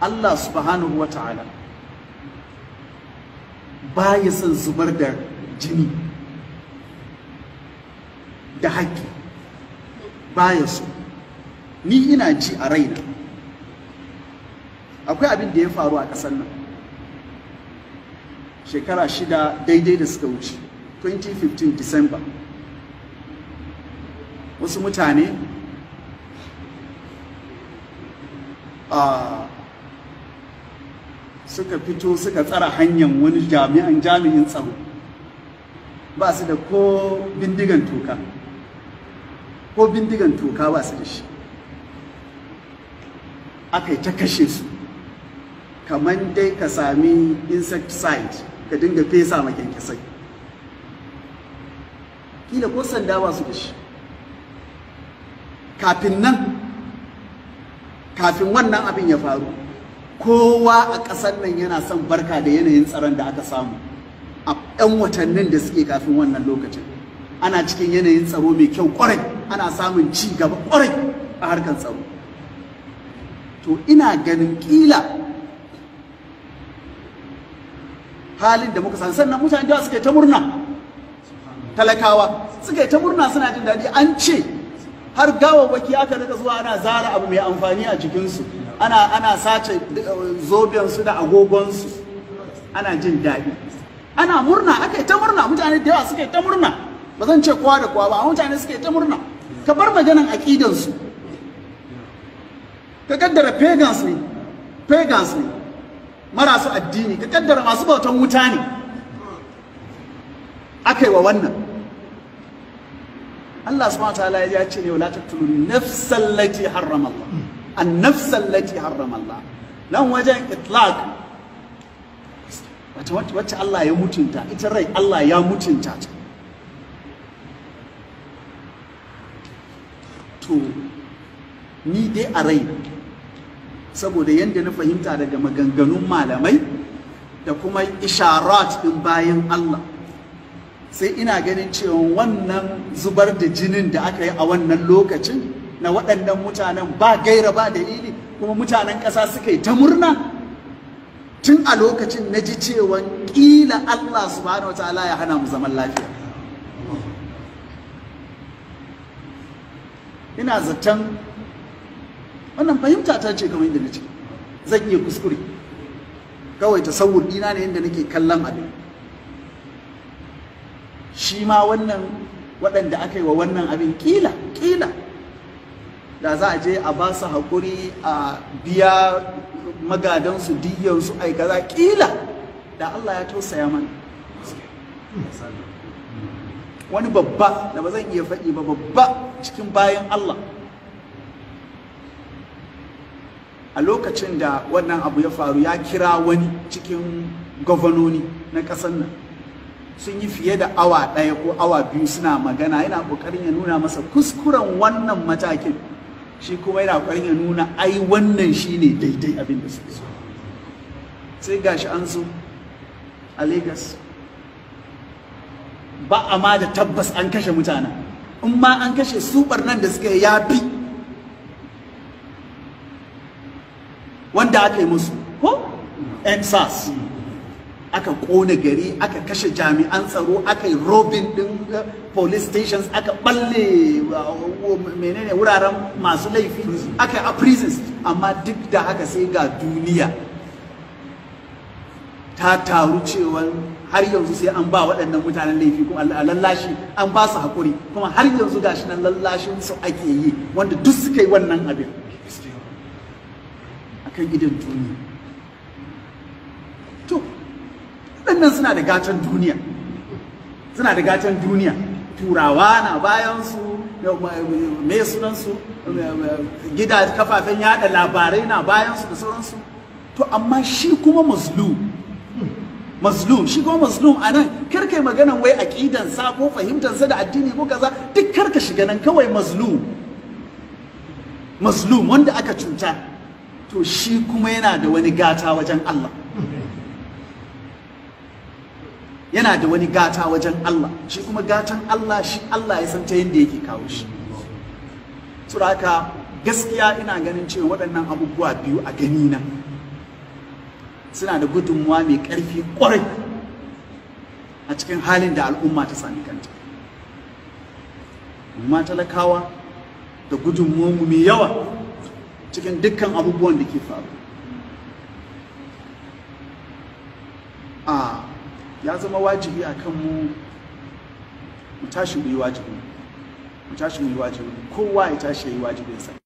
Allah subhanahu wa ta'ala ba ya son zubar da jini da haƙƙi ba ya so ni ina ji a raina akwai abin da ya faru a ƙasar nan shekara shida daidai da suka wuce 2015 December wasu mutane a ah, suka fito suka tsara hanyar wani jami'an jami'in tsaro ba su da ko bindigan toka ko bindigan toka ba su da shi aka yi ta kashe su kamar dai ka sami insecticide ka dinga fesa ma kila ko sanda ba su da shi kafin nan kafin wannan abin ya faru kowa a ƙasar nan yana son barka da yanayin tsaron da aka samu a 'yan watannin da suke kafin wannan lokacin ana cikin yanayin tsaro mai kyau ƙwarai, ana samun ci gaba ƙwarai a harkar tsaro to ina ganin ƙila, halin da muka san sannan mutane da suke ta murna talakawa suke ta murna suna jin daɗi an ce har gawawwaki aka rika zuwa ana zara abu mai amfani a jikinsu ana ana sace uh, zobensu da agogonsu ana jin daɗi ana murna aka yi ta murna mutane da yawa suka yi ta murna ba zan ce kowa da kowa ba mutane suka yi ta murna ka bar maganan aƙidansu ka kaddara pagans ne pagans ne marasu addini ka kaddara masu bautan wuta ne aka yi wa wannan Allah subhanahu wa ta'ala ya ce ne wala taqtulun nafsal lati harrama Allah النفس التي حرم الله nan wajen wace wacce Allah ya mutunta ita rai Allah ya mutunta ta to ni dai a rai saboda yadda na fahimta daga maganganun malamai da kuma isharat din bayan Allah sai ina ganin cewa wannan zubar da jinin da aka yi a wannan lokacin na waɗannan mutanen ba gaira ba dalili kuma mutanen ƙasa suka yi ta murna tun a lokacin na ji cewa ƙila Allah subhanahu wataala ya hana mu zaman lafiya ina zaton wannan fahimta ta ce kamar yadda na ce zan iya kuskure kawai tasawur dina ne yadda nake kallon abin shi ma wannan waɗanda aka yi wa wannan abin ƙila ƙila da za a je a ba su haƙuri a biya magadansu diyyarsu ai kaza ƙila da Allah ya tausaya mana wani babba da ba zan iya faɗi ba babba cikin bayan Allah a lokacin da wannan abu ya faru ya kira wani cikin gwamnoni na ƙasar nan sun yi fiye da awa ɗaya ko awa biyu suna magana yana ƙoƙarin ya nuna masa kuskuren wannan matakin shi kuma yana ƙwarin ya nuna ai wannan shi ne daidai abin da suke so sai gashi an zo a Legas ba a ma da tabbas an kashe mutane in ma an kashe su nan da suka ya bi wanda aka yi musu ko? nsas aka kone gari aka kashe jami'an tsaro aka yi robin din uh, police stations aka balle uh, uh, menene wuraren masu laifi aka a prisons amma duk da haka sai ga duniya ta taru cewa har yanzu sai an ba waɗannan mutanen laifi kuma a lallashi an ba su haƙuri kuma har yanzu gashi nan lallashin su ake yi wanda duk suka yi wannan abin akan gidan duniya mutanen nan suna da gatan duniya suna da duniya turawa na bayan su me sunan su gida kafafen yada labarai na bayan su da sauransu to amma shi kuma mazlum mazlum shi kuma mazlum anan kar kai maganan wai aqidan sa ko fahimtar sa da addini ko kaza duk karka shiga nan kawai mazlum mazlum wanda aka cuta to shi kuma yana da wani gata wajen Allah yana da wani gata wajen Allah shi kuma gatan Allah shi Allah ya san ta yadda yake kawo shi suraka gaskiya ina ganin cewa waɗannan abubuwa biyu a gani na suna da gudunmuwa mai ƙarfi ƙwarai a cikin halin da al'umma ta sami kanta amma talakawa da gudunmuwanmu mai yawa cikin dukkan abubuwan da ke faru ah, ya zama wajibi a kan mu mu tashi mu yi wajibi mu tashi mu yi wajibi kowa ya tashi ya yi wajibinsa